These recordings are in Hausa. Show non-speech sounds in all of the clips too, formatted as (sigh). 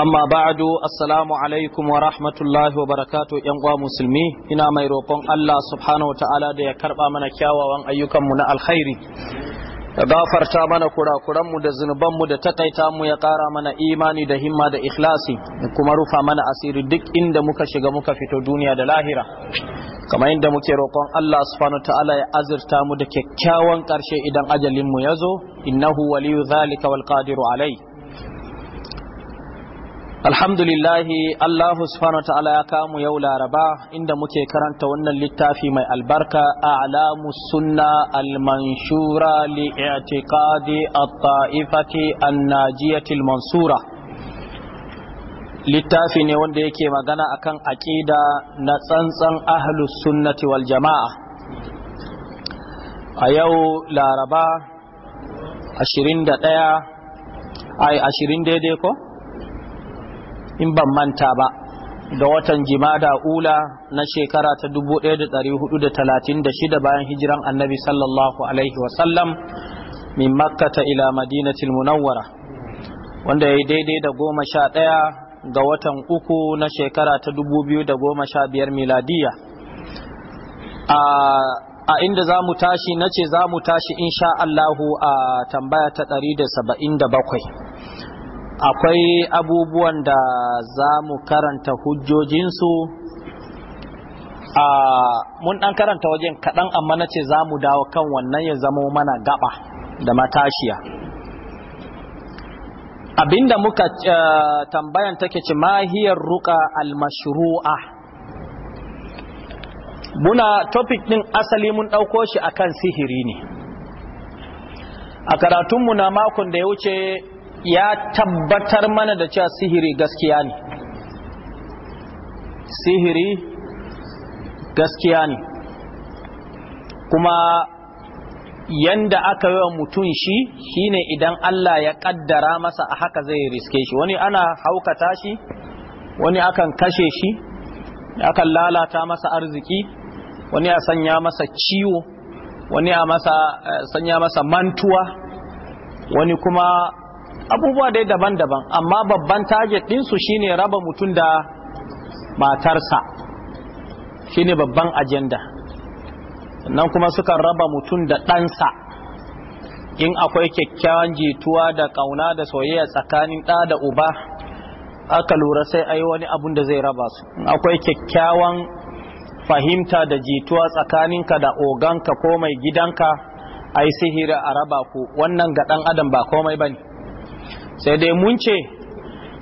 amma ba'adu assalamu alaikum wa rahmatullahi wa barakatu yan uwa musulmi ina mai roƙon Allah subhanahu wa ta'ala da ya karba mana kyawawan ayyukanmu na alkhairi da gafarta mana mu da zunubanmu da takaita mu ya ƙara mana imani da himma da ikhlasi kuma rufa mana asiri duk inda muka shiga muka fito duniya da lahira kamar inda muke roƙon Allah subhanahu wa ta'ala ya azurta mu da kyakkyawan ƙarshe idan ajalinmu ya zo innahu waliyu zalika wal qadiru alai alhamdulillahi Allah subhanahu wa ta'ala ya kamu yau laraba inda muke karanta wannan littafi mai albarka a'lamu sunna al-manshura li i'tiqadi at-ta'ifati an-najiyati al-mansura littafi ne wanda yake magana akan aqida na tsantsan ahlus sunnati wal jama'a a yau laraba 21 ai 20 daidai ko in ban manta ba ga watan jimada ula na shekara ta 1436 bayan hijiran annabi sallallahu alaihi wasallam min makkata ila madinatil munawwara wanda ya yi daidai da goma sha ɗaya ga watan uku na shekara ta 2015 miladiya a inda za mu tashi na ce za mu tashi insha Allahu a tambaya ta 177 akwai abubuwan da za mu karanta hujjojinsu mun ɗan karanta wajen kaɗan amma na ce za mu dawo kan wannan ya zamo mana gaba da matashiya abinda muka eh, tambayan take ce mahiyar ruka almashru'a muna topic ɗin asali mun ɗauko shi akan sihiri ne a karatunmu na makon da ya wuce ya tabbatar mana da cewa sihiri gaskiya ne sihiri gaskiya ne kuma yanda aka yi wa mutum shi shine idan Allah ya kaddara masa a haka zai riske shi wani ana haukata shi wani akan kashe shi akan lalata masa arziki wani a sanya masa ciwo wani a eh, sanya masa mantuwa wani kuma abubuwa dai daban-daban amma babban target ɗinsu shine raba mutum da matarsa shine babban agenda nan kuma suka raba mutum da ɗansa in akwai kyakkyawan jituwa da ƙauna da soyayya tsakanin ɗa da uba aka lura sai a wani abun da zai raba su akwai kyakkyawan fahimta da jituwa tsakaninka da oganka ko mai gidanka a yi sihiri a raba ku wannan ga ɗan adam ba komai ba ne sai dai mun ce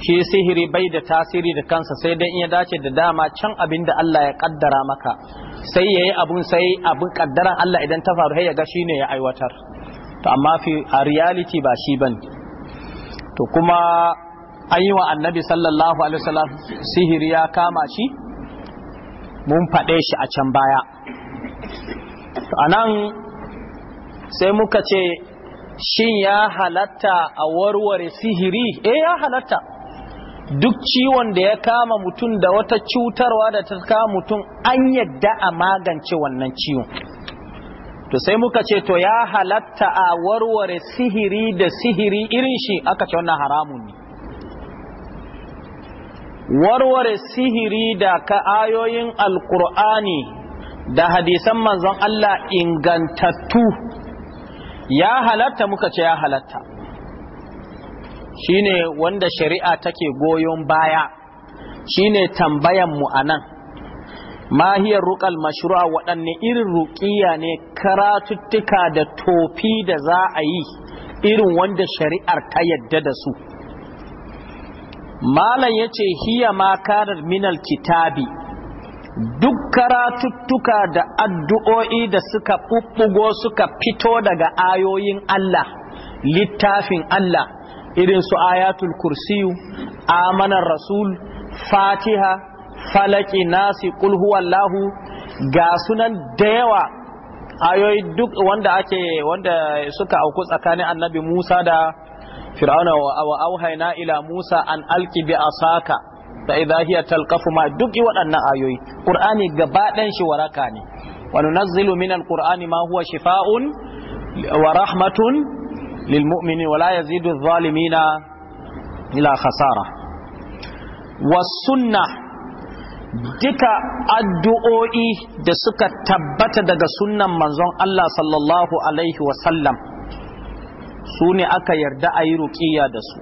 shi sihiri bai da tasiri da kansa sai dai in ya dace da dama can abin da Allah ya kaddara maka sai ya yi abun sai abun kaddara Allah idan ta faru ya ga shi ne ya aiwatar to amma fi a reality ba shi ban to kuma an yi wa annabi sallallahu alaihi wasallam sihiri ya kama shi mun faɗe shi a can baya To anan sai muka ce shin ya halatta a warware sihiri eh ya halatta duk ciwon da ya kama mutum da wata cutarwa da ta kama mutum an yadda a magance wannan ciwon to sai muka ce to ya halatta a warware sihiri da sihiri irin shi aka ce wannan haramun ne warware sihiri da ka ayoyin alkur'ani da hadisan manzon Allah ingantattu ya halatta muka ce ya halatta shine wanda shari'a take goyon baya shine tambayan mu anan mahiyar ruƙal mashru'a waɗanne irin ruƙiya ne karatuttuka da tofi da za a yi irin wanda shari'ar ta yadda da su malam yace hiya ma karar minal kitabi duk karatuttuka da addu'o'i da suka ɓuɓɓugo suka fito daga ayoyin Allah littafin Allah irin su ayatul kursiyu amanar rasul fatiha falaki nasi kulhuwallahu ga sunan da yawa ayoyi duk wanda ake wanda suka auku tsakanin annabi musa da fir'auna wa auhaina ila musa an alki bi asaka fa idha hiya ma duk waɗannan ayoyi ƙur'ani gaba ɗayan shi waraka ne Wani nunazzilu minal Kur'ani ma huwa wa rahmatun lil mu'minin wa la yazidu adh-dhalimina ila khasara was duka addu'o'i da suka tabbata daga sunnan manzon Allah sallallahu alaihi wa su ne aka yarda a yi ruƙiya da su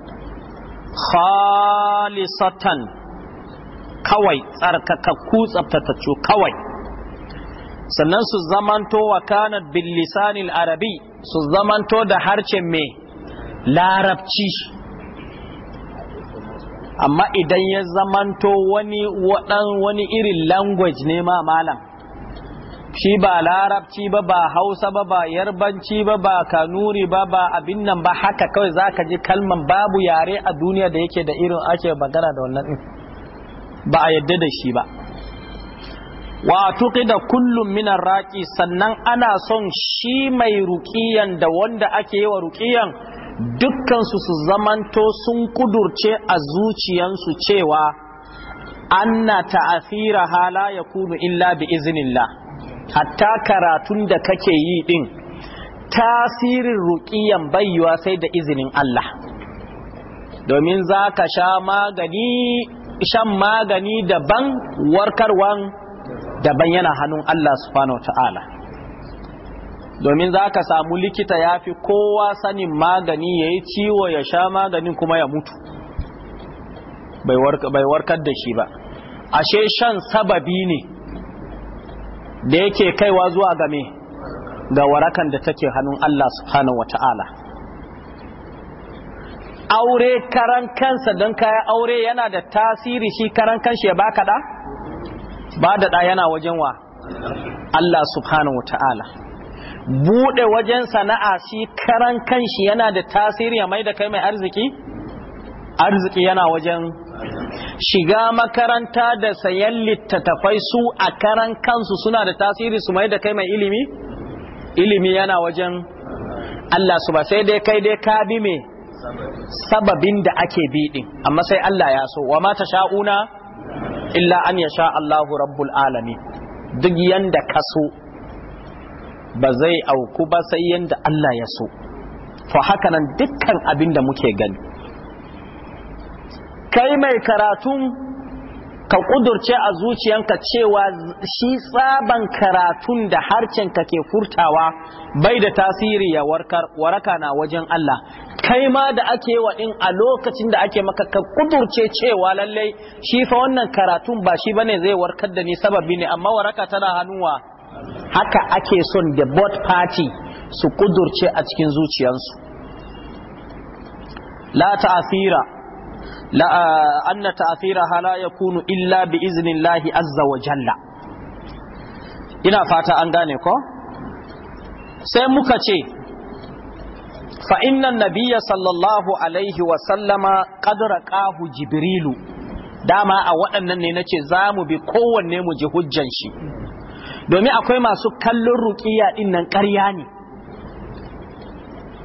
khalisatan kawai tsarkakakku tsaftataccu kawai sannan su zamanto wa kanat bil lisanil arabi su zamanto da harcen me larabci amma idan ya zamanto wani wadan wani irin language ne ma malam shi ba larabci ba ba hausa ba ba yarbanci ba ba kanuri ba ba abin nan ba haka kawai zaka ji kalman babu yare a duniya da yake da irin ake magana da wannan din ba a yadda da shi ba wa da kullum minan raki sannan ana son shi mai ruƙiyan da wanda ake yi wa ruƙiyan dukkansu su zamanto sun kudurce a zuciyansu cewa anna ta'athira hala ya kunu illa bi iznillah hatta karatun da kake yi din tasirin ruƙiyan bayyuwa sai da izinin Allah domin zaka sha magani shan magani daban warkarwan daban yana hannun Allah subhanahu ta'ala domin za ka samu likita ya fi kowa sanin magani ya yi ciwo ya sha maganin kuma ya mutu bai warkar da shi ba ashe shan sababi ne da yake kaiwa zuwa game ga warakan da take hannun Allah subhanahu ta'ala aure karan kansa don kaya aure yana da tasiri shi karan kanshi ya baka da? ba da da yana wajen wa Allah subhanahu wa ta'ala buɗe wajen sana'a shi karan kanshi yana da tasiri ya mai da kai mai arziki? arziki yana wajen shiga makaranta da sayan littattafai su a karan kansu suna da tasiri su mai da kai mai ilimi? ilimi yana wajen Allah su ba sai dai kai dai ka bi mai sababin da ake bi din amma sai Allah ya so wa ma sha'una? illa an ya sha Allahu rabbul alamin duk yanda ka so ba zai auku ba sai yanda Allah ya so To haka nan dukkan abin da muke gani kai mai karatun ka kudurce a zuciyanka cewa shi tsaban karatun da ka ke furtawa bai da tasiri ya warkar waraka na wajen Allah kai ma da ake wa in a lokacin da ake maka ka kudurce cewa lallai shi fa wannan karatun ba shi bane zai warkar da ni sababi ne amma waraka tana hannuwa haka ake son the both party su kudurce a cikin zuciyansu la ta'asira la eh, anna hala yakunu illa bi iznillahi azza wa jalla ina fata an gane ko sai muka ce fa inna nabiyya sallallahu alaihi wa sallama qad qahu jibrilu dama a waɗannan ne nace mu bi kowanne mu ji hujjan shi domin akwai masu kallon ruqiya din nan ƙarya ne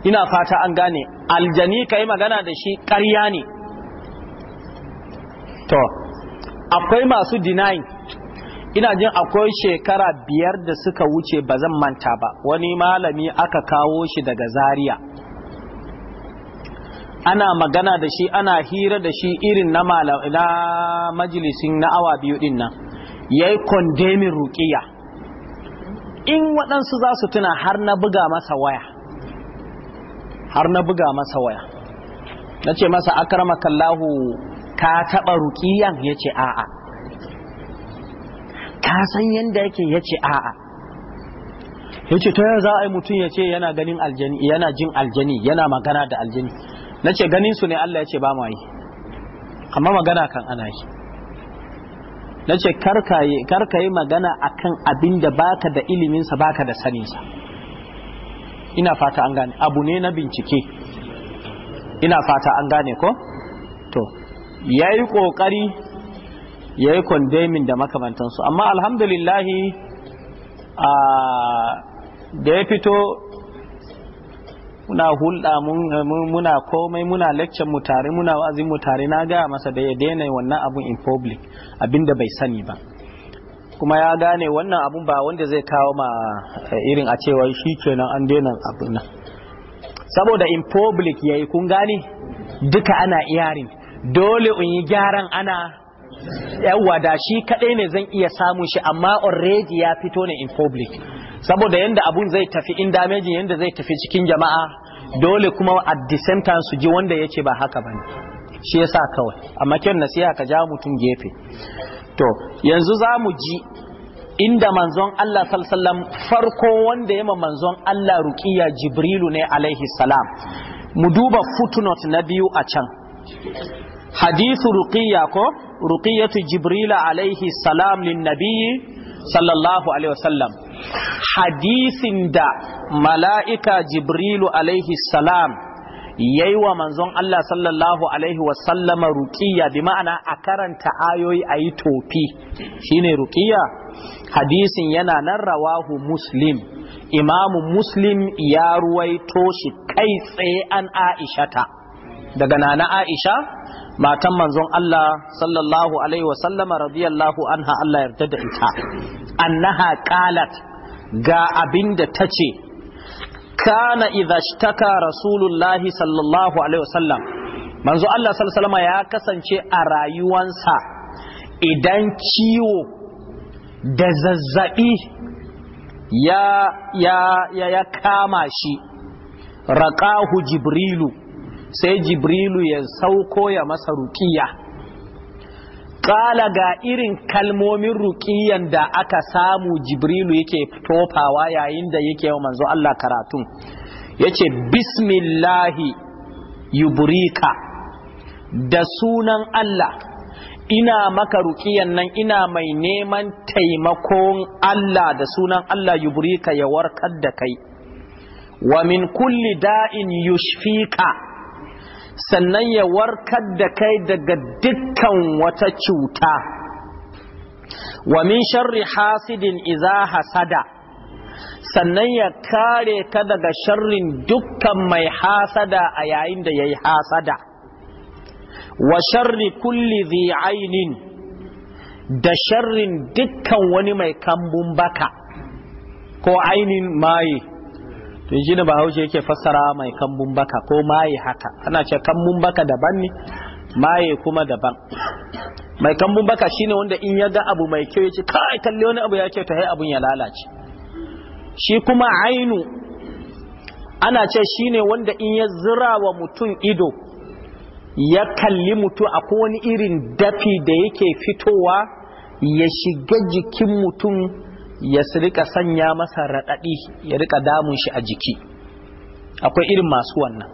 ina fata an gane aljani kai magana da shi ƙarya ne to akwai masu deny. ina jin akwai shekara biyar da suka wuce ba zan manta ba wani malami aka kawo shi daga Zariya. ana magana da shi ana hira da shi irin na na majalisin na awa biyu din nan ya yi kondemin rukiya in waɗansu za su tuna har na buga masa waya har na buga masa waya na ce masa akarama kallahu ka taɓa rukiyan ya ce a'a ka san yadda yake ya ce a'a ya ce ta za a yi mutum ya ce yana jin aljani yana magana da aljani na ce ganin su ne Allah ya ce ba ma yi amma magana kan ana yi na ce karka yi magana akan abin da baka da iliminsa baka da saninsa ina fata an gane abu ne na bincike ina fata an gane ko to ya yi ƙoƙari ya yi kondemin da makamantansu amma alhamdulillahi a ah, da ya fito muna hulɗa muna komai muna lecture mu tare muna wa'azin mu tare na gaya masa da ya daina wannan abun in public abinda bai sani ba kuma ya gane wannan abun ba wanda zai kawo ma eh, irin a cewa shi kenan an daina abun nan saboda in public yayi kun gane duka ana iyarin dole in yi gyaran ana yawa da shi kadai ne zan iya samun shi amma already ya fito ne in public saboda yadda abun zai tafi in damejin yadda zai tafi cikin jama'a dole kuma at the same time su ji wanda yace ba haka ba ne shi yasa kawai amma kyan nasiha ka ja mutum gefe to yanzu za mu ji inda manzon Allah sallallahu farko wanda ya ma manzon Allah ruqiya jibrilu ne alaihi salam mu duba footnote na biyu a can hadithu ruqiya ko ruqiyatu jibrilu alaihi salam lin nabiyyi sallallahu alaihi wasallam hadisin da mala'ika jibrilu alaihi salam yayi wa manzon Allah sallallahu alaihi wasallama ruqiyya bi ma'ana a karanta ayoyi ayi tofi shine ruqiyya hadisin yana nan rawahu muslim imamu muslim ya ruwaito shi kai tsaye an aishata daga nana aisha matan manzon Allah sallallahu alaihi wasallama radiyallahu anha Allah yarda da ita annaha qalat ga abin da ta ce kana idhashtaka rasulullahi sallallahu alaihi wasallam manzo Allah sallallahu alaihi ya kasance a rayuwansa idan ciwo da zazzabi ya ya ya, ya kama shi raqahu jibrilu sai jibrilu ya sauko ya masa ruqiyah ƙala ga irin kalmomin ruƙiyan da aka samu jibrilu yake tofawa yayin da yake wa manzo Allah karatun yace bismillahi yubrika da sunan Allah ina maka ruƙiyan nan ina mai neman taimakon Allah da sunan Allah yubrika ya warkar da kai wa min kulli da'in yushfika sannan ya warkar da kai daga dukkan wata cuta wa min sharri hasidin iza hasada sannan ya kare ka daga sharrin dukkan mai hasada a yayin da ya yi hasada wa sharri kulli zi ainin da sharrin dukkan wani mai kambun baka ko ainin maye to shi ne bahaushe yake fassara mai kambun baka ko maye haka ana ce kambun baka daban ne maye kuma daban mai kambun baka shine wanda in ya ga abu mai kyau yace kai kalle wani abu ya kyau ta hai abun ya lalace shi kuma ainu ana ce shine wanda in ya zira wa mutum ido ya kalli mutum a wani irin dafi da yake fitowa ya shiga jikin mutum ya rika sanya masa raɗaɗi ya rika damun shi a jiki akwai irin masu wannan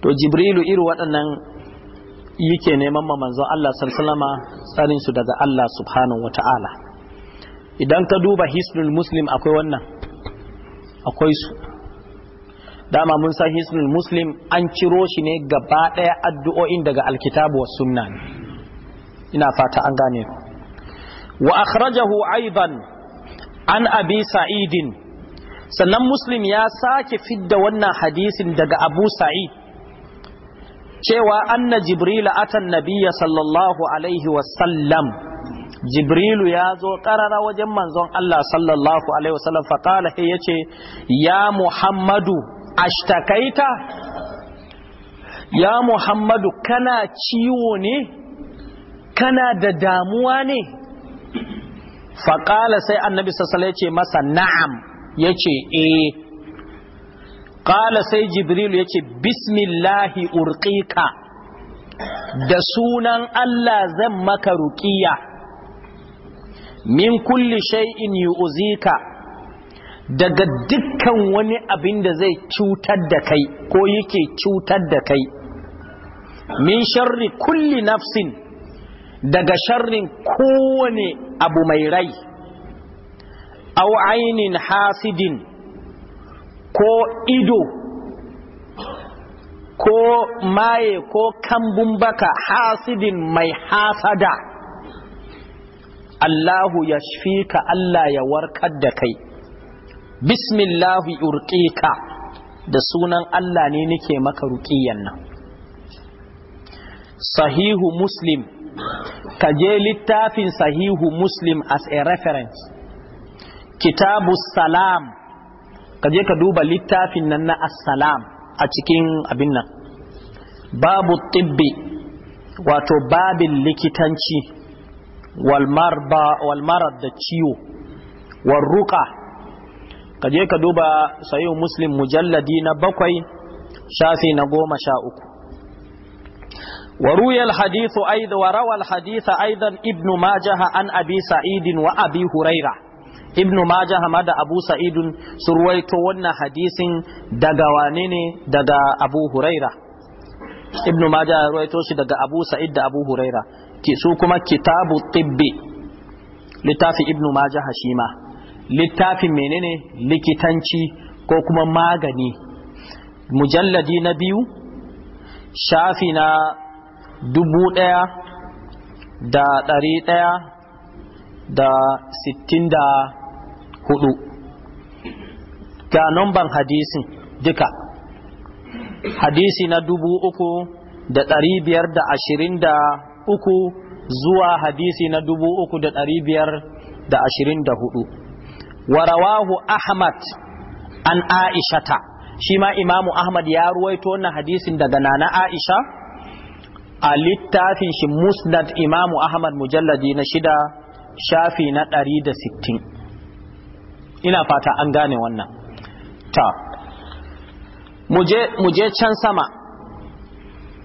to jibrilu irin waɗannan yake neman ma manzon Allah sallama tsarin su daga Allah subhanahu wata'ala idan ka duba hisnul muslim akwai wannan akwai su dama mun san hisnul muslim an ciro shi ne gaba ɗaya addu'o'in daga alkitabu wa sunna ina fata an gane ku wa akhrajahu aidan an abi sa'idin sannan muslim ya sake fidda wannan hadisin daga abu sa'id cewa anna jibril atan nabiyya sallallahu alaihi wasallam jibrilu ya zo karara wajen manzon Allah sallallahu alaihi wasallam faqala he ce, ya muhammadu ashtakaita ya muhammadu kana ciwo ne kana da damuwa ne faƙala sai annabi sassala ya ce masa na'am ya ce e. ƙala sai Jibril ya ce bismillahi urƙiƙa da sunan Allah zan maka ruƙiya min kulli shay'in yu'zika daga dukkan wani abin da zai cutar da kai ko yake cutar da kai min sharri kulli nafsin daga sharrin kowane abu mai rai au ainin hasidin ko ido ko maye ko kambun baka hasidin mai hasada Allahu ya ka Allah ya warkar da kai bismillahi ka. da sunan Allah ne nake maka ruqiyan nan sahihu muslim ka je littafin sahihu muslim as a reference kitabu salam ka je ka duba littafin nan na assalam a cikin abin nan babu tibbi wato babin likitanci walmarar da ciwo warruka ka je ka duba sahihu muslim mujalladi na bakwai shafi na goma sha uku وروي الحديث أيضا وروى الحديث أيضا ابن ماجه عن أبي سعيد وأبي هريرة ابن ماجه مدى أبو سعيد سرويتو ون حديث دقوانين دقا أبو هريرة ابن ماجه رويتو دقا أبو سعيد دا أبو هريرة كسوكما كتاب الطب لتافي ابن ماجه شيما littafin menene likitanci ko kuma magani mujalladi na biyu shafi na dubu ɗaya da ɗari ɗaya da sittin da hudu ga numban hadisin duka hadisi na dubu uku da ɗari biyar da ashirin da uku zuwa hadisi na dubu uku da ɗari biyar da ashirin da hudu wa rawahu ahmad an aishata shi ma imamu ahmad ya ruwaito wannan hadisin daga nana aisha a littafin shi musnad imamu ahmad mujalladi na shida shafi na 160 ina fata an gane wannan ta muje can sama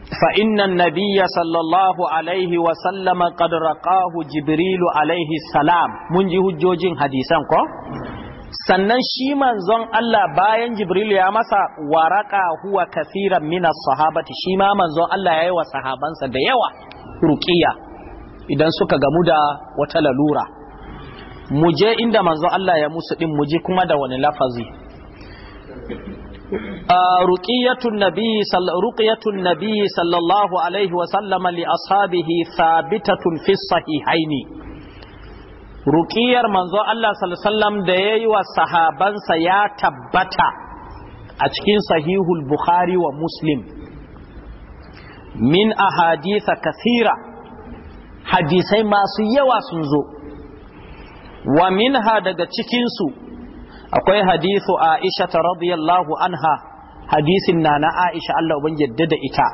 fa’innan nabiya sallallahu alaihi wasallama ƙadraƙahu jibrilu alaihi salam mun ji hujjojin hadisan ko? sannan shi manzon Allah bayan Jibril ya masa waraka huwa kathiran minas sahabati shi ma manzon Allah ya yi wa sahabansa da yawa ruqiya idan suka gamu da wata lalura mu je inda manzon Allah ya musu din mu ji kuma da wani lafazi ruqiyatun nabi ruqiyatun sallallahu alaihi wa sallama li ashabihi thabitatun fi sahihaini ruƙiyar manzo Allah sallallahu da ya yi wa sahabansa ya tabbata a cikin sahihul Bukhari wa Muslim min ahaditha kathira hadisai masu yawa sun zo wa minha daga cikinsu akwai hadithu Aisha ta radiyallahu anha hadisin na na Aisha Allah uban yadda da ita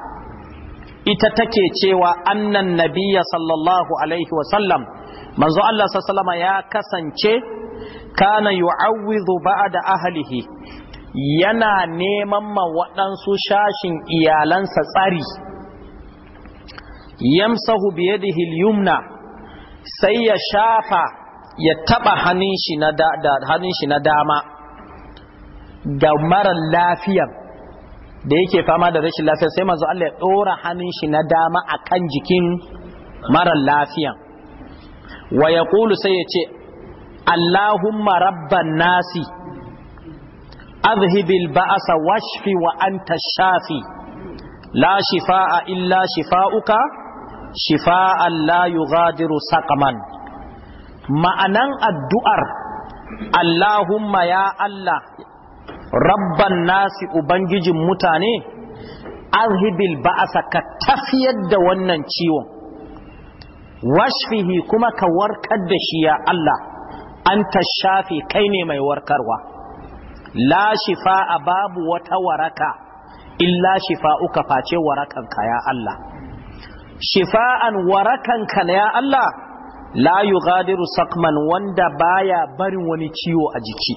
ita take cewa annan nabiyya sallallahu alaihi wa sallam manzo Allah sallama ya kasance kana yu'awwidhu ba'da ahlihi yana neman ma waɗansu shashin iyalansa tsari yamsahu biyadihi al-yumna sai ya shafa ya taba hannun shi na dama ga mara lafiyan da yake fama da rashin lafiya sai manzo Allah ya dora hannun shi na dama akan jikin mara lafiyan wa ya sai ya ce Allahumma rabban nasi azhibil ba'asa washfi wa anta shafi la shifa'a illa shifa'uka shifa'an la yughadiru saqaman ma'anan addu'ar Allahumma ya Allah rabban nasi ubangijin mutane azhibil ba'asa ka tafiyar da wannan ciwon washfihi kuma ka warkar da shi ya Allah an tashafi kai ne mai warkarwa la a babu wata waraka illa uka face warakanka ya Allah shifa'an warakanka ya Allah la yughadiru saqman wanda baya barin wani ciwo a jiki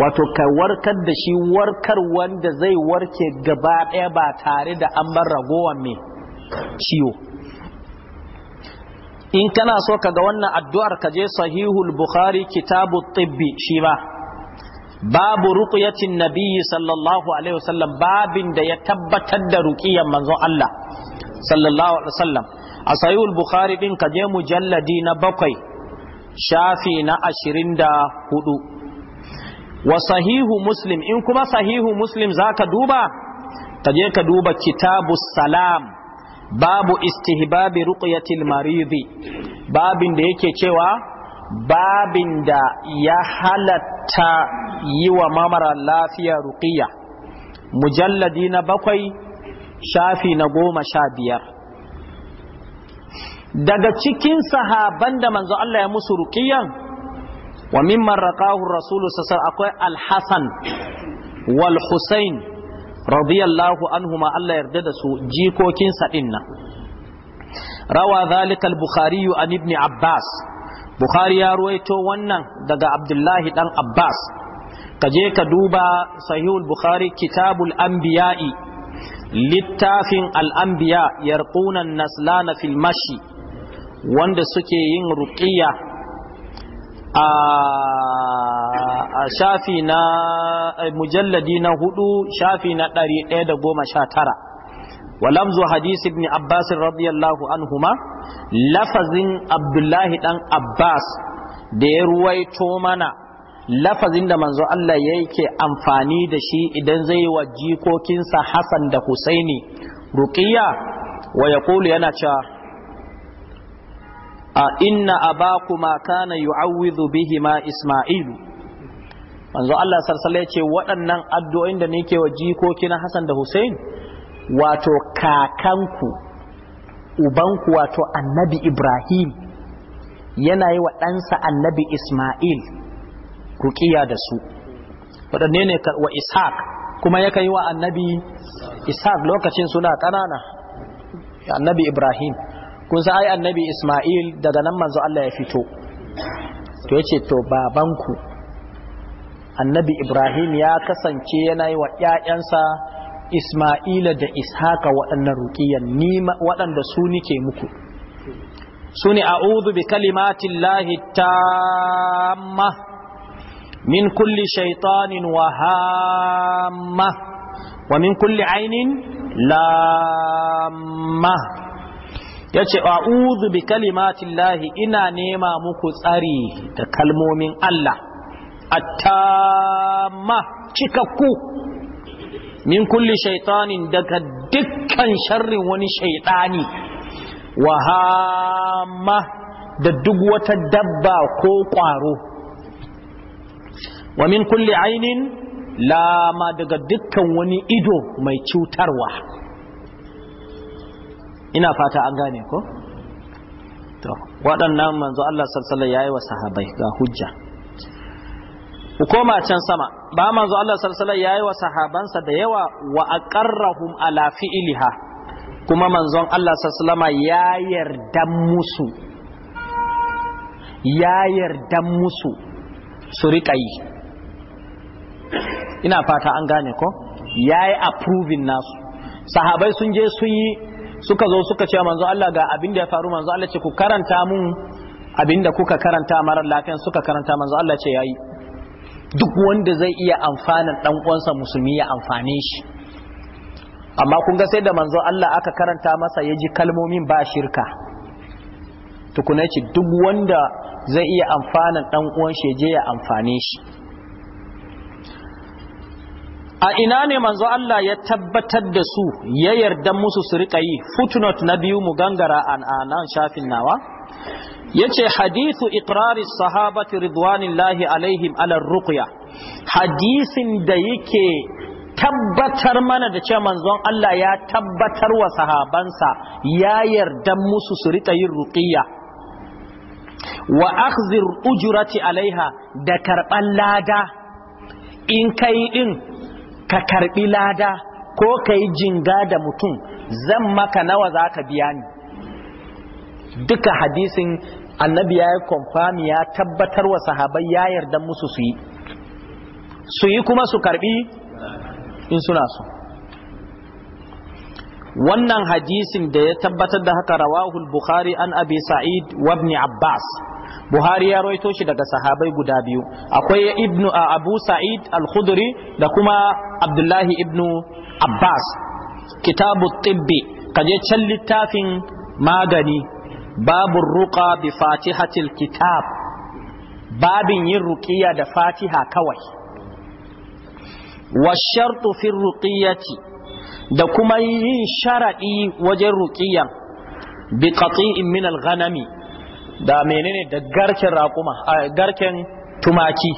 wato ka warkar da shi warkar wanda zai warke gaba ɗaya ba tare da an bar ragowan mai ciwo in kana so ka ga wannan addu'ar ka je sahihul bukhari kitabu tibbi shi ba babu ruƙuyatin nabiyyi sallallahu alaihi wasallam babin da ya tabbatar da ruqiyan manzon Allah sallallahu alaihi wasallam a sahihul bukhari din ka je mujalladi na bakwai shafi na ashirin da hudu wa sahihu muslim in kuma sahihu muslim zaka duba ka je ka duba kitabu salam babu istihbabi ruqyatil maridi babin da yake cewa babin da ya halatta yi wa mamara lafiya ruqiya mujalladi na bakwai shafi na goma sha biyar daga cikin sahaban da manzo Allah ya musu ruqiyan wa mimman raqahu rasulu sassar akwai alhassan wal radiyallahu anhuma Allah yarda da su jikokinsa dinna rawa zalika al-bukhari an ibn abbas bukhari ya ruwaito wannan daga abdullahi dan abbas kaje ka duba sahihul bukhari kitabul anbiya'i littafin al-anbiya yarquna an-naslana fil mashi wanda suke yin ruqiyya a shafi na mujalladi na hudu shafi na ɗari ɗaya da goma sha tara walamzu hadisi ibn abbas radiyallahu anhuma lafazin abdullahi dan abbas da ya ruwaito mana lafazin da manzo Allah ya yake amfani da shi idan zai wa jikokinsa Hassan da Husaini ruqiya wa yaqulu yana cewa a inna abakuma kana yu'awwidhu bihima isma'ilu manzo Allah sallallahu ce waɗannan addu'o'in da nake wa jikoki na Hassan da Hussein wato kakanku ubanku wato annabi Ibrahim yana yi wa ɗansa annabi Isma'il ruqiya da su waɗanne ne wa Ishaq kuma yaka yi wa annabi Ishaq lokacin suna ƙanana annabi Ibrahim kun san ai annabi Ismail daga nan manzo Allah ya fito to yace to babanku annabi Ibrahim ya kasance yana yi wa ƴaƴansa Ismaila da Ishaka waɗannan ruqiyan ni waɗanda su nike muku su ne a'udhu bi kalimatin lahi tamma min kulli shaitanin wa hamma wa min kulli ainin lamma ya ce a'udhu bi kalimatillahi ina nema muku tsari da kalmomin Allah attama cikakku min kulli shaitanin daga dukkan sharrin wani shaitani wahama da duk wata dabba ko ƙwaro wa min kulli ainin lama daga dukkan wani ido mai cutarwa ina fata an gane ko to waɗannan manzo Allah sallallahu alaihi yayi wa sahabbai ga hujja ku koma can sama ba manzo Allah sallallahu alaihi yayi wa sahabansa da yawa wa aqarrahum ala fi'liha kuma manzon Allah sallallahu alaihi ya yarda musu ya yarda musu su riƙa yi ina fata an gane ko yayi approving nasu sahabai sun je sun yi suka zo suka ce manzo Allah ga abin da ya faru manzo Allah ce ku karanta mun abin da kuka karanta marar lafiyan suka karanta manzo Allah ce yayi duk wanda zai iya amfanan dan uwansa musulmi ya amfane shi amma kun ga sai da manzo Allah aka karanta masa ya ji kalmomin ba shirka tukunaci duk wanda zai iya amfanan dan uwan shi je ya amfane shi a ina ne manzo Allah ya tabbatar da su ya yarda musu su riƙa yi footnote na biyu mu gangara an anan shafin nawa yace hadithu iqrari sahabati ridwanillahi alaihim ala ruqya hadisin da yake tabbatar mana da cewa manzon Allah ya tabbatar wa sahabansa ya yarda musu su riƙa yin ruqiyya wa akhzir ujrati alaiha da karban lada in kai din ka karbi lada ko ka yi jinga da mutum zan maka nawa za ka biya ni duka hadisin annabi ya yi kwamfami ya tabbatar wa sahabai ya yarda musu su yi su yi kuma su karbi in suna su wannan hadisin da ya tabbatar da haka rawahul bukhari an abi sa'id wa abbas buhari ya roito shi daga sahabai guda biyu akwai ibnu abu sa'id al-khudri da kuma abdullahi ibnu abbas kitabu tibbi kaje can littafin magani babu ruqa bi fatihatil kitab babin yin ruqiya da fatiha kawai wa shartu fi ruqiyati da kuma yin sharaɗi wajen ruqiyan bi qati'in min al-ghanami da menene da garken raƙuma garken tumaki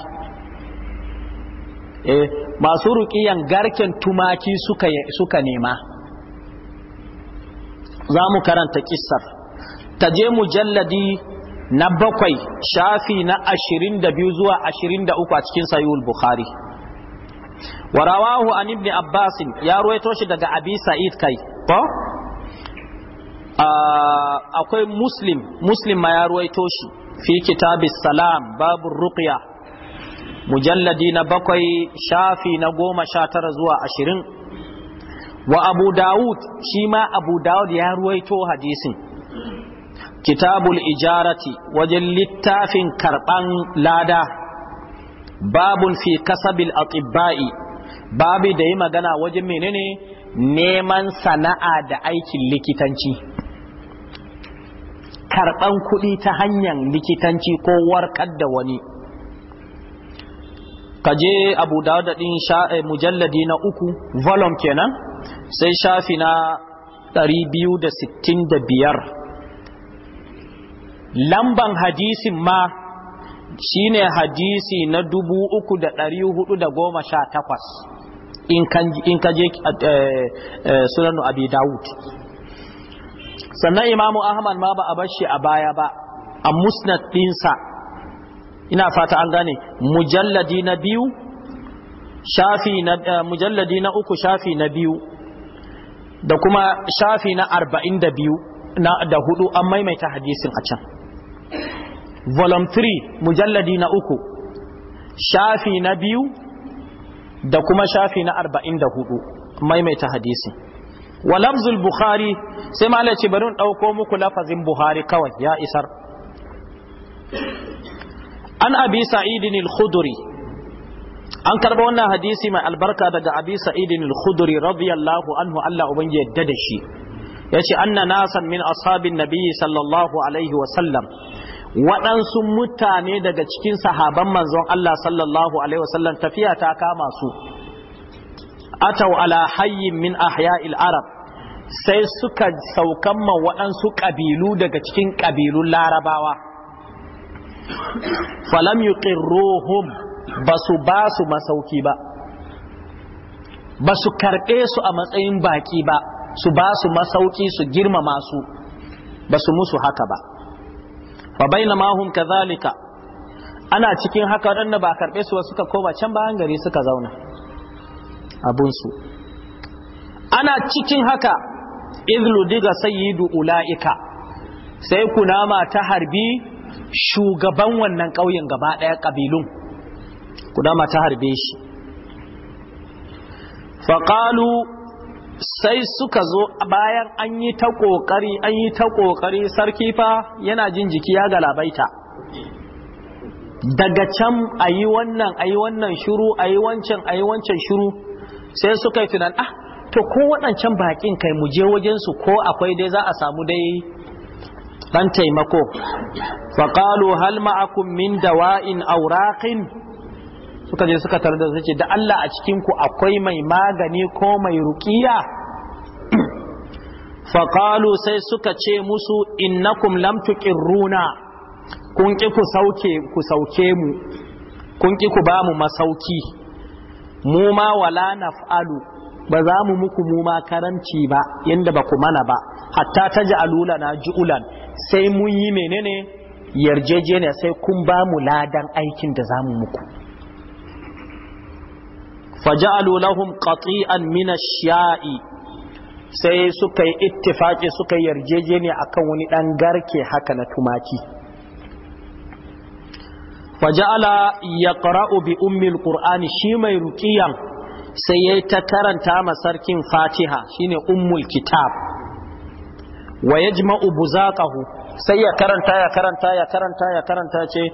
eh masu ruƙiyan garken tumaki suka suka nema za mu karanta kissar ta je mujalladi na bakwai shafi na ashirin da biyu zuwa ashirin da uku a cikin sayul bukhari Warawahu rawahu an ibn abbasin ya ruwaito shi daga abi sa'id kai ko akwai muslim muslim ma ya ruwaito shi fi kitabis salam babu ruqya mujalladi na bakwai shafi na goma sha tara zuwa ashirin wa abu dawud shi ma abu dawud ya ruwaito hadisin kitabul ijarati wajen littafin karban lada babun fi kasabil atibba'i babu da yi magana wajen menene neman sana'a da aikin likitanci karɓan kuɗi ta hanyar likitanci ko warkar da wani kaje abu dawud din sha'i eh, mujalladi na uku volume kenan sai shafi na 265 lamban hadisin ma shine hadisi na 3418 in kaje eh, eh, sunan abi dawud sannan imamu ahmad ma ba a bar shi a baya ba a musnad ina fata an gane mujalladi na biyu shafi na eh, mujalladi na uku shafi na biyu da kuma shafi na arba'in da biyu da hudu an maimaita hadisin a can volume 3 mujalladi na uku shafi na biyu da kuma shafi na arba'in da hudu maimaita hadisin wa lafzul bukhari sai ma ce bari ɗauko muku lafazin buhari kawai ya isar an abi sa'idin al an karba wannan hadisi mai albarka daga abi sa'idin al-khudri radiyallahu anhu Allah ubangi yadda da shi yace anna nasan min ashabin nabiy sallallahu alaihi wa sallam waɗansu mutane daga cikin sahaban manzon Allah sallallahu alaihi wa sallam tafiya ta kama su atau ala hayyin min ahya'il arab sai suka saukan ma waɗansu ƙabilu daga cikin ƙabilun larabawa falam yuqirruhum ba su ba su masauki ba ba su karɓe su a matsayin baƙi ba su ba su masauki su girmama su ba su musu haka ba fa bainama hum kadhalika ana cikin haka waɗanda ba karɓe su ba suka koma can bayan gari suka zauna abunsu ana cikin haka izlu diga sayyidu ula'ika sai kunama ta harbi shugaban wannan ƙauyen gaba ɗaya ƙabilun kunama ta harbe shi faƙalu sai suka zo bayan an yi ta ƙoƙari an yi ta ƙoƙari sarki fa yana jin jiki ya galabaita daga can a yi wannan a yi wannan shuru a yi wancan a yi wancan shuru sai suka yi tunan ah to ko waɗancan baƙin kai mu je su ko akwai dai za a samu dai Dan taimako qalu hal ma'akum min dawa'in auraqin suka je suka tarda da Allah a cikin ku akwai mai magani ko mai ruƙiya qalu sai suka ce musu innakum lam tuqirruna kun ki ku sauke ku sauke mu kun ki ku ba mu masauki mu ma wala naf'alu ba za mu muku mu ma karamci ba yanda ba ku mana ba hatta taj'aluna na ju'ulan sai mun yi menene yarjejeniya sai kun ba mu ladan aikin da za mu muku faja'alu lahum qati'an min ash-sha'i sai suka yi ittifaqi suka yarjejeniya akan wani dan garke haka na tumaki faja'ala yaqra'u bi ummil qur'ani shi mai ruqiyan sai yayi ta karanta ma sarkin fatiha shine ummul kitab wa yajma'u buzaqahu sai ya karanta ya karanta ya karanta ya karanta ce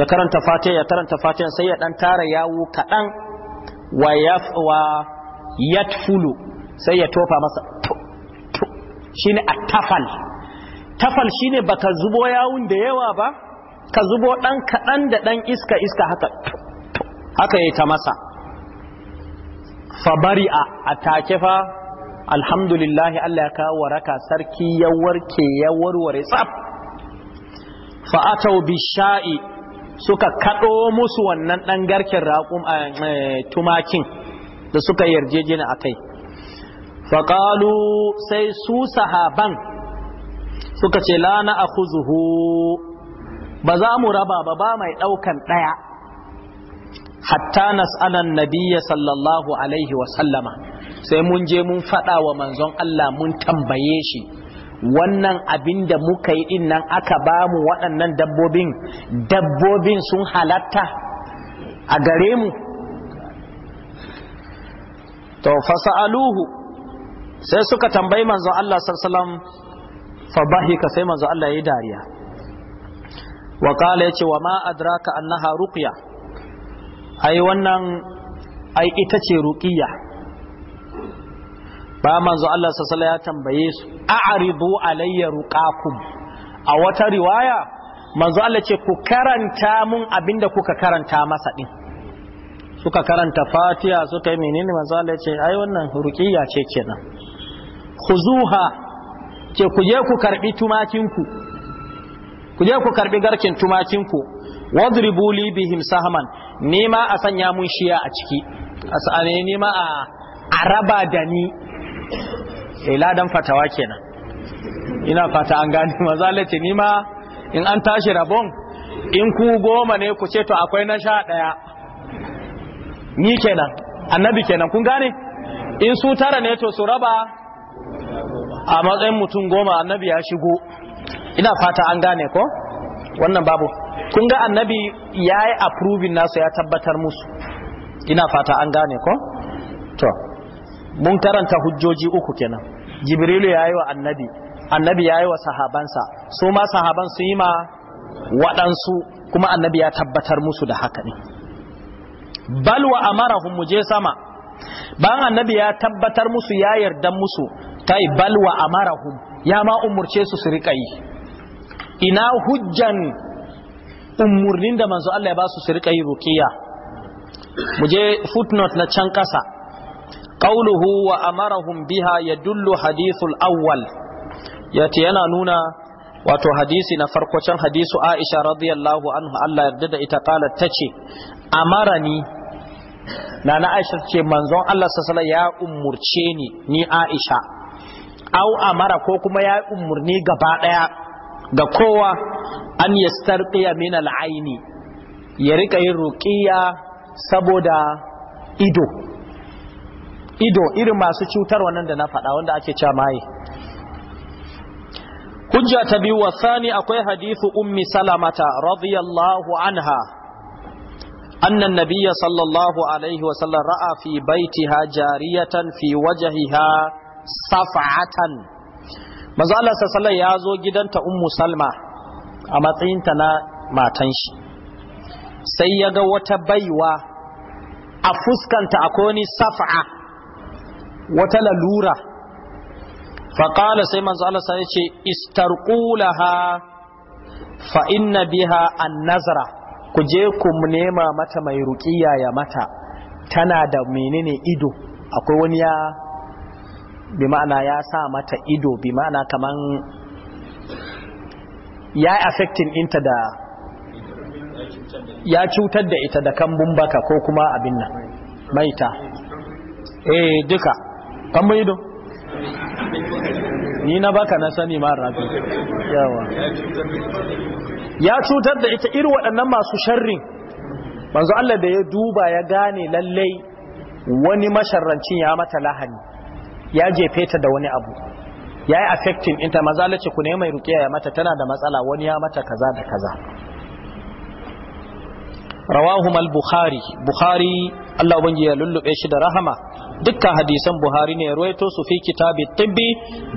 ya karanta fatiha ya karanta fatiha sai ya dan tara yawo kadan wa yatfulu sai ya tofa masa shine attafal tafal shine baka zubo yawun da yawa ba ka zubo ɗan kaɗan da ɗan iska iska haka haka yi ta masa fabari a take fa alhamdulillahi Allah ya kawo waraka sarki ya warke ya warware tsaf fa'atau bisha'i suka kaɗo musu wannan ɗan garkin raƙum a eh, eh, tumakin da suka yarjejina a kai faƙalu sai su sahaban suka ce lana a ba za mu raba ba ba mai ɗaukan ɗaya hatta nasanan nabiyya sallallahu alaihi sallama sai mun je mun faɗa wa manzon Allah mun tambaye shi wannan abin da muka yi din nan aka ba mu waɗannan dabbobin dabbobin sun halatta a gare mu to fasa'aluhu sai suka tambayi manzon Allah sallallahu alaihi wasallam fa ka sai manzon Allah ya yi dariya wa yace wa ma adraka annaha ruqya ai wannan ai ita ce ruqiyya ba manzo Allah sallallahu ya tambaye su a'ridu alayya ruqakum a wata riwaya manzo Allah ce ku karanta mun abinda kuka karanta masa din suka karanta fatiha suka yi menene manzo Allah ce ai wannan ruqiyya ce kenan Kuzuha ce ku je ku karbi tumakinku ku je ku karbi garken tumakin ku wadribu li bihim sahman nima a sanya mun shiya a ciki asane nima a araba da ni eh ladan fatawa kenan ina fata an gane (laughs) mazalace nima in an tashi rabon in ku goma ne ku ce to akwai na sha daya ni kenan annabi kenan kun gane in su tara ne to su raba a matsayin mutum goma annabi ya shigo ina fata an gane ko wannan babu kun ga annabi ya yi approving nasu ya tabbatar musu ina fata an gane ko to mun karanta hujjoji uku kenan jibrilu ya yi wa annabi annabi ya yi wa sahabansa su ma sahaban su yi ma waɗansu kuma annabi ya tabbatar musu da haka ne balwa a amarahum mu je sama ban annabi ya tabbatar musu ya yarda musu kai bal wa amarahum ya ma umurce su su riƙa yi ina hujjan umurnin da manzo Allah ya ba su su rika yi rukiya. mu je footnote na can kasa qawluhu wa amarahum biha yadullu hadithul awwal yati yana nuna wato hadisi na farko can hadisu Aisha radiyallahu anhu Allah yarda da ita kala tace amarani na Aisha ce manzon Allah sallallahu ya umurce ni ni Aisha au amara ko kuma ya umurni gaba daya ga kowa an yastarqiya min al'aini ya rika yin ruqiya saboda ido ido irin masu cutar wannan da na faɗa wanda ake cewa maye hujja ta biyu wasani akwai hadithu ummi salamata radiyallahu anha أن النبي صلى fi عليه وسلم رأى في بيتها جارية في وجهها صفعة manzo Allah sallallahu ya zo gidanta ummu salma a matsayinta na matan shi sai ya ga wata baiwa a fuskanta akwai wani safa wata lalura faƙala sai manzo Allah sai ce istarqulaha fa inna biha an-nazra ku je ku nema mata mai ruqiya ya mata tana da menene ido akwai wani ya bi ma'ana ya sa mata ido bi ma'ana kaman ya affecting inta da ya cutar da ita da kambun baka ko kuma abin nan maita eh duka kambun ido ni na baka na sani ma rafi yawa ya cutar da ita irin waɗannan masu sharrin manzo Allah da ya duba ya gane lallai wani masharrancin ya mata lahani ya jefe ta da wani abu ya yi affecting inta maza lace ku ne mai rukiya ya mata tana da matsala wani ya mata kaza da kaza rawahum al-bukhari bukhari Allah ubangi ya lullube shi da rahama dukkan hadisan buhari ne ruwaito su fi kitabi tibbi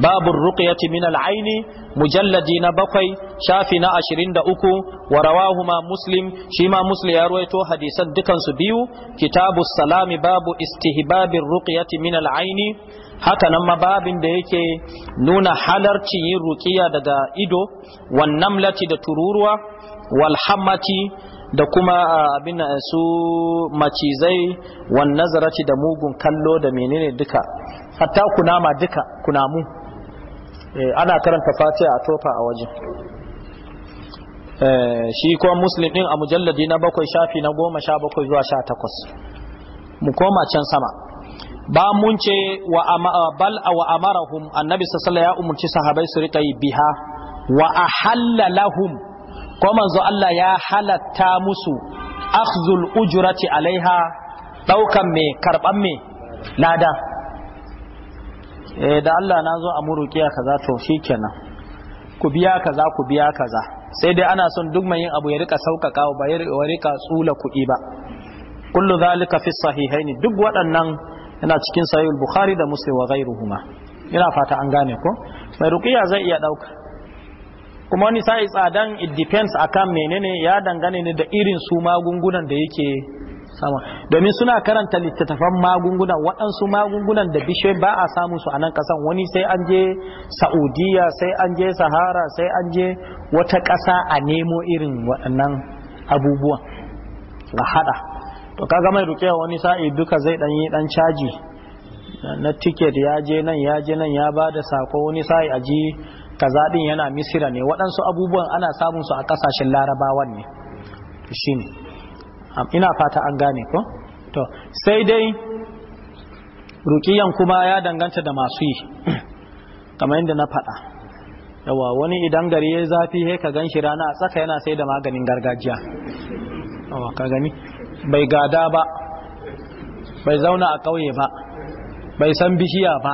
babu ruqyati min al-aini mujalladi na bakwai shafi na ashirin da uku wa rawahuma muslim shi ma muslim ya ruwaito hadisan dukansu biyu kitabu salami babu istihbabin ruqyati min al-aini haka nan mababin da yake nuna halarci yin ruqiya daga ido wan namlati da tururuwa wal hammati da kuma abin su macizai wan nazarati da mugun kallo da menene duka hatta kunama duka kunamu eh, ana karanta fatiha a tofa a wajen eh, shi kuma muslimin a mujalladi na bakwai shafi na goma sha bakwai zuwa sha takwas mu koma can sama ba mun ce wa uh, bal uh, wa amarahum annabi sallallahu ya umurci sahabai su rika yi biha wa ahalla lahum ko manzo Allah ya halatta musu akhzul ujrati alaiha daukan me karban me lada eh da Allah na zo a murukiya kaza to shikenan ku biya kaza ku biya kaza sai dai ana son duk mai yin abu ya rika sauƙaƙa ba ya rika tsula kuɗi ba kullu zalika fi sahihaini duk waɗannan yana cikin sahihul bukhari da muslim wa ghairuhuma ina fata an gane ko mai ruqiya zai iya dauka kuma wani sai tsadan it depends akan menene ya dangane ne da irin su magungunan da yake sama domin suna karanta littattafan magunguna waɗansu magungunan da bishe ba a samu su a nan ƙasan wani sai an je saudiya sai an je sahara sai an je wata ƙasa a nemo irin waɗannan abubuwan a hada to kaga mai ruke wani sa'i duka zai dan yi dan caji na ticket ya je nan ya je nan ya ba da sako wani sa'i a ji kaza din yana misira ne waɗansu abubuwan ana samun su a ƙasashen larabawan ne shine ina fata an gane ko to sai dai rukiyan kuma ya danganta da masu yi (clears throat) kamar yadda na faɗa yawa wani idan gari ya zafi he ka gan rana a tsaka yana sai da maganin gargajiya ka gani bai gada ba bai zauna a ƙauye ba bai san bishiya ba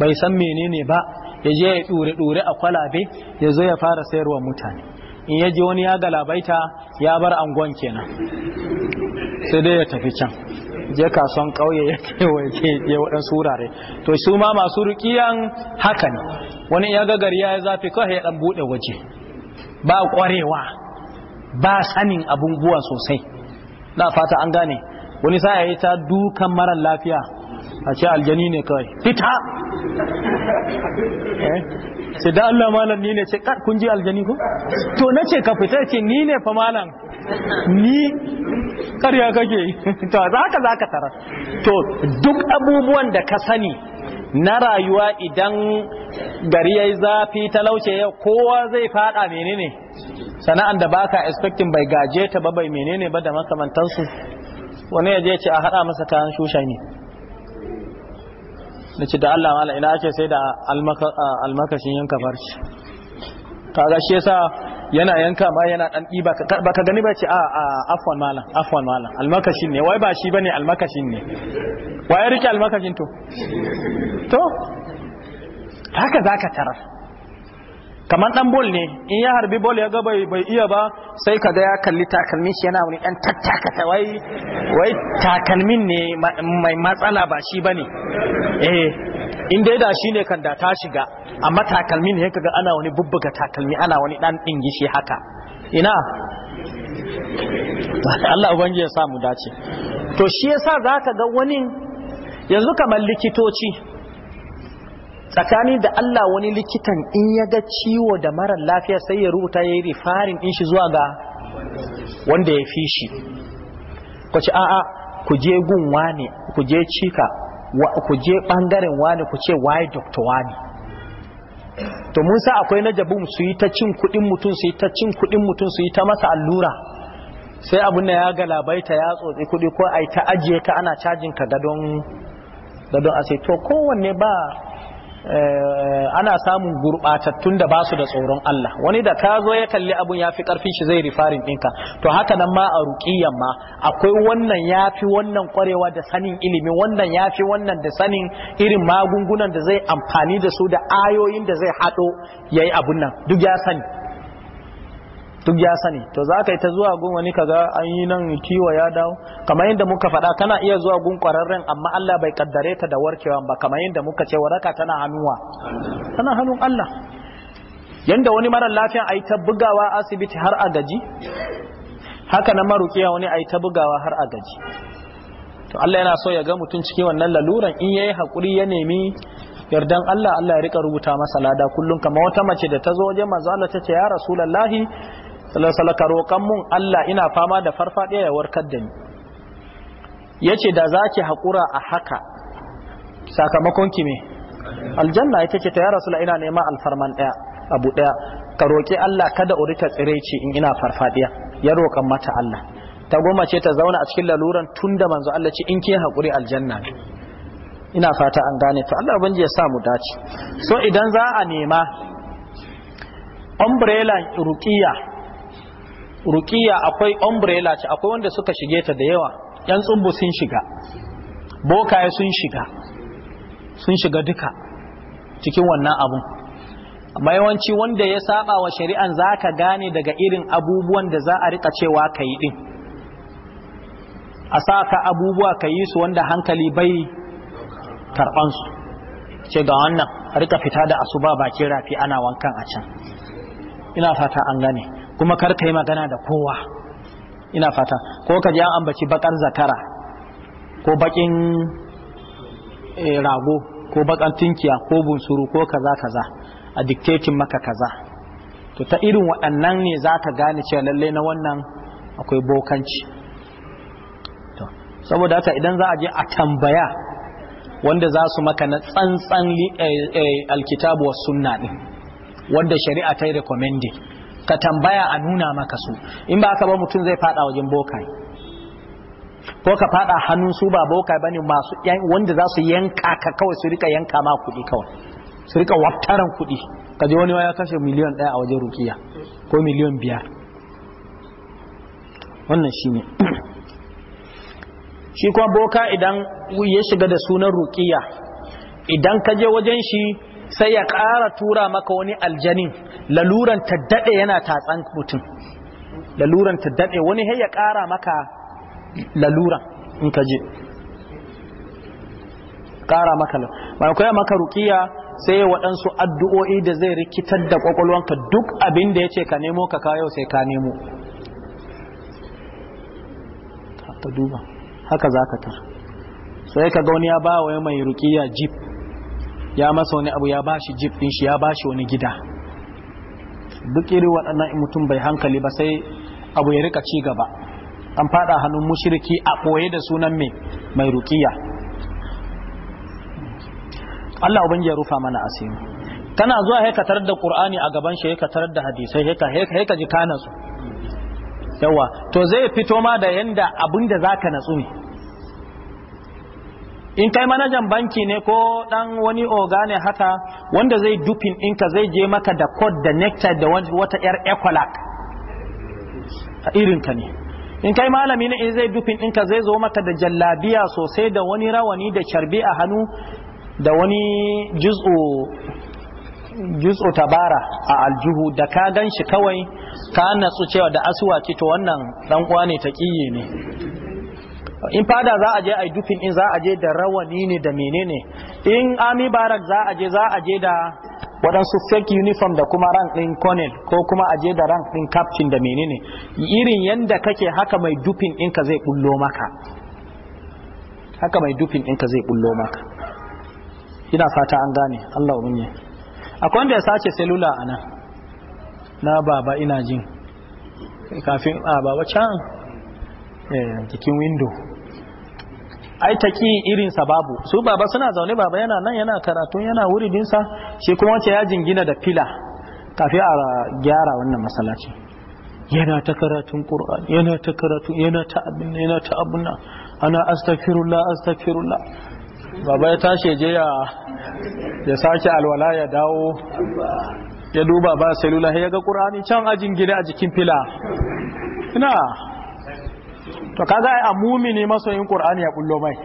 bai san menene ba ya je ya ɗure-ɗure a kwalabe ya zo ya fara sayarwa mutane in ya je wani ya galabaita ya bar angon kenan sai dai ya tafi can je kasuwan ƙauye ya kewaye waɗansu wurare to su ma masu rikiyan haka ne wani ya ga gari ya yi zafi kawai ya ɗan buɗe waje ba ƙwarewa ba sanin abubuwa sosai na fata an gane wani sa'a ya ta dukan marar lafiya a ce aljani ne kawai fita eh? sai da Allah malam ni ne ce kun ji aljani ku to na ce ka fita ce ni ne fa malam ni karya kake (laughs) to za ka za ka tara to duk abubuwan da ka sani na rayuwa idan gari ya yi zafi talauce yau kowa zai fada menene sana'an da baka expectin bai gaje ta ba bai menene ba da makamantansu wani yaje ce a hada masa kayan shusha ne ce da Allah mala ina ake sai da almakashin yanka farci yasa yana yanka ma yana dan ɗiba ba ka gani ba ce a afwan malam afwan malam almakashin ne wai ba shi bane almakashin ne wai rike almakashin to to haka zaka tarar kamar dan bol ne in ya harbi bol ya ga bai bai iya ba sai kaga ya kalli takalmin shi yana wani dan ta wai wai takalmin ne mai matsala ba shi bane eh in dai da shi ne kan da ta shiga a takalmi ne kaga ana wani bubbuga takalmi ana wani dan dingishi haka ina Allah ubangiji ya samu dace to shi yasa zaka ga wani yanzu kamar likitoci tsakani da Allah wani likitan in ya ga ciwo da mara lafiya sai ya rubuta ya yi rifarin in shi zuwa ga wanda ya fi shi a a'a ku je gunwa ne ku je cika ku je ɓangaren wani ku ce waye doctor wani to mun sa akwai na jabum su yi ta cin kudin mutum su yi ta cin kudin mutum su yi ta masa allura sai abun da ya galabaita ya tsotsi kudi ko ai ta ajiye ka ana cajin ka gadon gadon sai to kowanne ba Eh, ana samun gurbatattun da basu da tsoron Allah wani da ka zo ya kalli abun ya fi karfin shi zai rifarin ɗinka to haka nan ma a ruƙiyan ma akwai wannan ya fi wannan kwarewa da sanin ilimi wannan ya fi wannan da sanin irin magungunan da zai amfani da su da ayoyin da zai haɗo ya yi abun nan duk ya sani duk ya sani to za ka yi ta zuwa gun wani kaga an yi nan kiwo ya dawo kamar yadda muka faɗa kana iya zuwa gun ƙwararren amma Allah bai kaddare ta da warkewa ba kamar yadda muka ce waraka tana hannuwa tana hannun Allah Yadda wani mara lafiya a yi ta bugawa asibiti har a gaji haka na maruƙiya wani a yi ta bugawa har a gaji to Allah yana so ya ga mutum cikin wannan laluran in yayi hakuri ya nemi yardan Allah Allah ya rika rubuta masa lada kullum kamar wata mace da ta zo wajen manzo Allah ce ya rasulullahi salasala roƙon mun Allah ina fama da farfaɗiya ya warkar da ni ya ce da za ki haƙura a haka sakamakon ki me aljanna ita ce ta ya su ina nema alfarman ɗaya abu ɗaya ka roƙi Allah kada uri ta tsire ce in ina farfaɗiya ya roƙon mata Allah ta goma ce ta zauna a cikin laluran tun da manzo Allah ce in ki haƙuri aljanna ina fata an gane to Allah ubangiji ya sa mu dace so idan za a nema umbrella ruqiya rukiya akwai umbrella ce akwai wanda suka shige ta da yawa yan tsumbu sun shiga bokaye sun shiga sun shiga duka cikin wannan abun amma yawanci wanda ya saba wa shari'an zaka gane daga irin abubuwan da za a rika cewa kai din a sa ka abubuwa ka yi su wanda hankali bai karbansu ce ga wannan rika fita da asuba bakin rafi ana wankan a can ina fata an gane kuma kar ka yi magana da kowa ina fata ko ka ji an ambaci bakar zakara ko bakin eh, rago ko baƙar tinkiya ko bunsuru ko kaza kaza a dictating maka kaza to ta irin waɗannan ne za ka gane cewa lalle na wannan akwai bokanci to saboda haka idan za a je a tambaya wanda za su maka na tsantsan eh, eh, alkitabu wa sunna din wanda shari'a ta yi recommending ka tambaya a nuna maka su in ba ka ba mutum zai fada wajen bokai ko ka fada hannu su ba bokai ne masu wanda za su yanka ka kawai su rika yanka ma kuɗi kawai su rika waftaran kuɗi ka je wani ya kashe miliyan ɗaya a wajen rukiya ko miliyan biyar wannan shi ne (clears throat) shi kuma boka idan ya shiga da sunan rukiya idan ka je wajen shi sai ya ƙara tura maka wani aljanin laluran ta daɗe yana tatsan mutum laluran ta daɗe wani ya ƙara maka laluran in ka je ƙara maka mai koya maka rukiya sai waɗansu addu'o'i da zai rikitar da ƙwaƙwalwanka duk abin da ya ce ka nemo ka yau sai ka nemo ta duba haka za ka tar sai ka gauni wani ya ba wa mai rukiya jip ya masa wani abu ya shi jib din shi ya ba shi wani gida duk irin waɗannan mutum bai hankali ba sai abu ya rika ci gaba an fada hannun mushriki a ɓoye da sunan mai mai rukiya Allah ubangiji ya rufa mana asiri kana zuwa haikatar da Qur'ani a gaban shi haikatar da hadisai haika ji kana su yawa to zai fito ma da yanda abin da zaka natsu ne in kai manajan banki ne ko dan wani oga ne haka wanda zai dupin inka zai je maka da code da nectar da wata yar ecolak a irinka ne in kai malami ne in zai dupin inka zai zo maka da jallabiya sosai da wani rawani da carbi a hannu da wani juz'u juz'u tabara a aljuhu da ka gan shi kawai ka natsu cewa da asuwaki to wannan dan uwa ne ƙiye ne in fada za a je a yi dufin in za a je da rawani ne da menene in ami barak za a je za a je da waɗansu fake uniform da kuma rank ɗin colonel ko kuma a je da rank ɗin captain da menene irin yanda kake haka mai dufin ka zai bullo maka haka mai dufin ka zai bullo maka ina fata an gane Allah munye akwai wanda ya sace selula a nan na baba ina jin kafin a baba can eh, jikin window ai taki irin sa babu su baba suna zaune baba yana nan yana karatu yana wuridin sa shi kuma wace ya jingina da fila kafi a gyara wannan masallaci yana ta karatun qur'an yana ta karatu yana ta abin yana ta abin ana astaghfirullah astaghfirullah baba ya tashi je ya ya sake alwala ya dawo ya duba ba selula ya ga qur'ani can ajin gida a jikin fila ina to kaga a mumini masoyin qur'ani ya kullo mai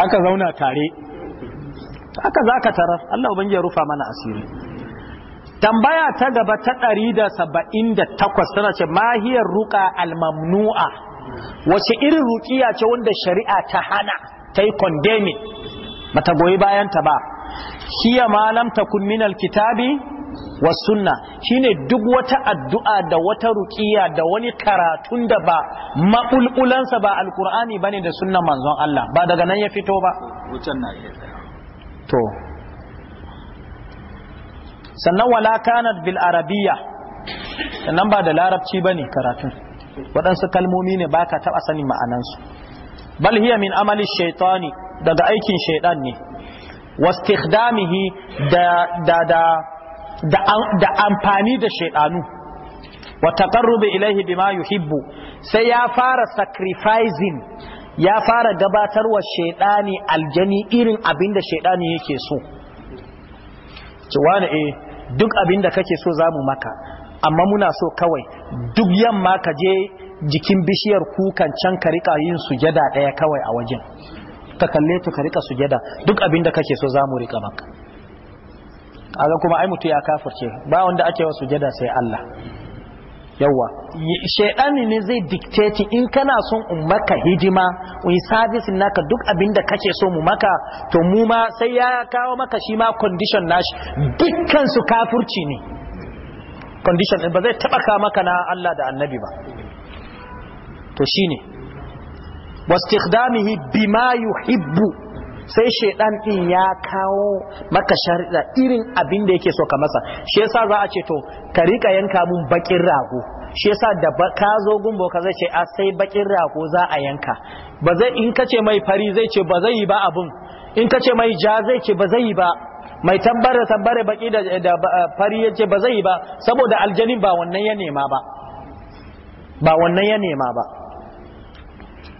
aka zauna tare aka zaka tarar Allah ubangi ya rufa mana asiri tambaya ta gaba ta 178 tana ce mahiyar ruqa almamnu'a wace irin ruqiya ce wanda shari'a ta hana ta yi condemning bata goyi bayanta ba hiya ma lam takun min kitabi? wa sunna shine duk wata addu'a da wata ruqiya da wani karatun da ba maɓulɓulansa ba alqur'ani bane da sunnan manzon Allah ba daga nan ya fito ba to sannan wala kanat bil arabiyya sannan ba da larabci bane karatun waɗansu kalmomi ne baka taɓa sanin ma'anansu bal hiya min amali shaitani daga aikin shaidan ne wastikhdamihi da da da da amfani da shaidanu wa taqarrubi ilaihi bima yuhibbu sai ya fara sacrificing ya fara gabatarwa shaidani aljani irin abinda shaidani yake so ci wani eh duk abinda kake so zamu maka amma muna so kawai duk yamma ka je jikin bishiyar kukan can ka rika yin sujada daya kawai a wajen ka kalle ka rika sujada duk abinda kake so zamu rika maka Aga kuma ai mutu ya kafirce ba wanda ake wa sujada sai Allah yawa shaidani ne zai dictate in kana son in maka hidima in service naka duk abinda kake so mu maka to mu ma sai ya kawo maka shi ma condition nashi dukkan su kafirci ne condition ba zai taba ka maka na Allah da annabi ba to shine wastikhdamihi bima yuhibbu sai shaidan din ya kawo maka sharida irin abin da yake so ka masa shi yasa za a ce to ka rika yanka mun bakin rago shi yasa da ka zo gumbo ka zai ce a sai bakin rago za a yanka ba zai in kace mai fari zai ce ba zai yi ba abun in kace mai ja zai ce ba zai yi ba mai tambara tambare baki da fari ya ce ba zai yi ba saboda aljanin ba wannan ya nema ba ba wannan ya nema ba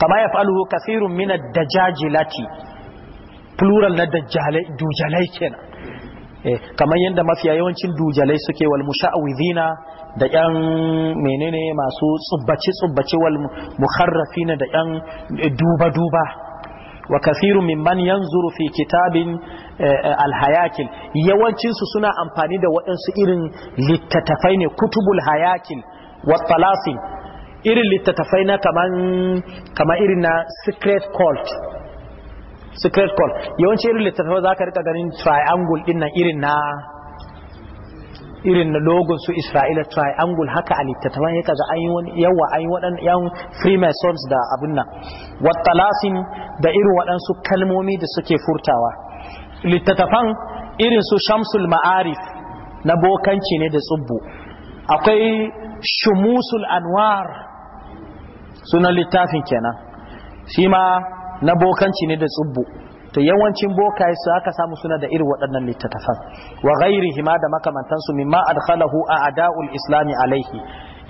kama ya faluhu kasirun ad dajajilati plural na dajjalai dujalai kenan eh kamar yadda mafiya yawancin dujalai suke wal musha'awidhina da yan menene masu tsubbace tsubbace wal mukharrafina da yan eh, duba duba wa kasiru mimman yanzuru fi kitabin eh, alhayakil yawancin su suna amfani da waɗansu irin littattafai ne kutubul hayakil wa talasin irin littattafai na kaman irin na secret cult secret call yawanci irin littattafa za ka rika ganin triangle din nan irin na irin na logon su isra'ila triangle haka a littattafan ya kaza an yi wani yawa an yi waɗannan yan freemasons da abin nan wattalasin da irin waɗansu kalmomi da suke furtawa littattafan irin su shamsul ma'arif na bokanci ne da tsubbu akwai shumusul anwar sunan littafin kenan shi ma na bokanci ne da tsubbu to yawancin bokaye su aka samu suna da irin waɗannan littattafan wa ghairihi ma da makamantansu mimma adkhalahu a ada'ul islami alaihi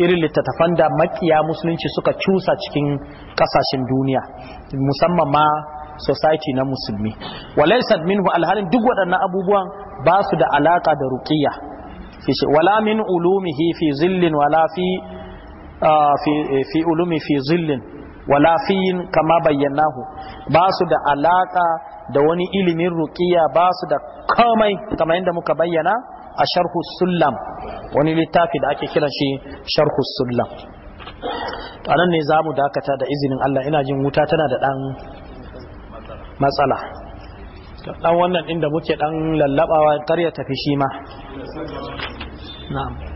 irin littattafan da makiya musulunci suka cusa cikin kasashen duniya musamman ma society na musulmi walaysa minhu alhalin duk waɗannan abubuwan ba su da alaka da ruqiyya wala min ulumihi fi zillin wala fi ah, fi ulumi fi zillin wala fiyin kama bayyanahu ba su da alaka da wani ilimin ruqiya ba su da komai kama yadda muka bayyana a sharhu sullam wani littafi da ake kiran shi sharhu sullam a nan ne za mu dakata da izinin Allah ina jin wuta tana da ɗan matsala ɗan wannan inda muke ɗan lallabawa kar ya tafi shi ma na'am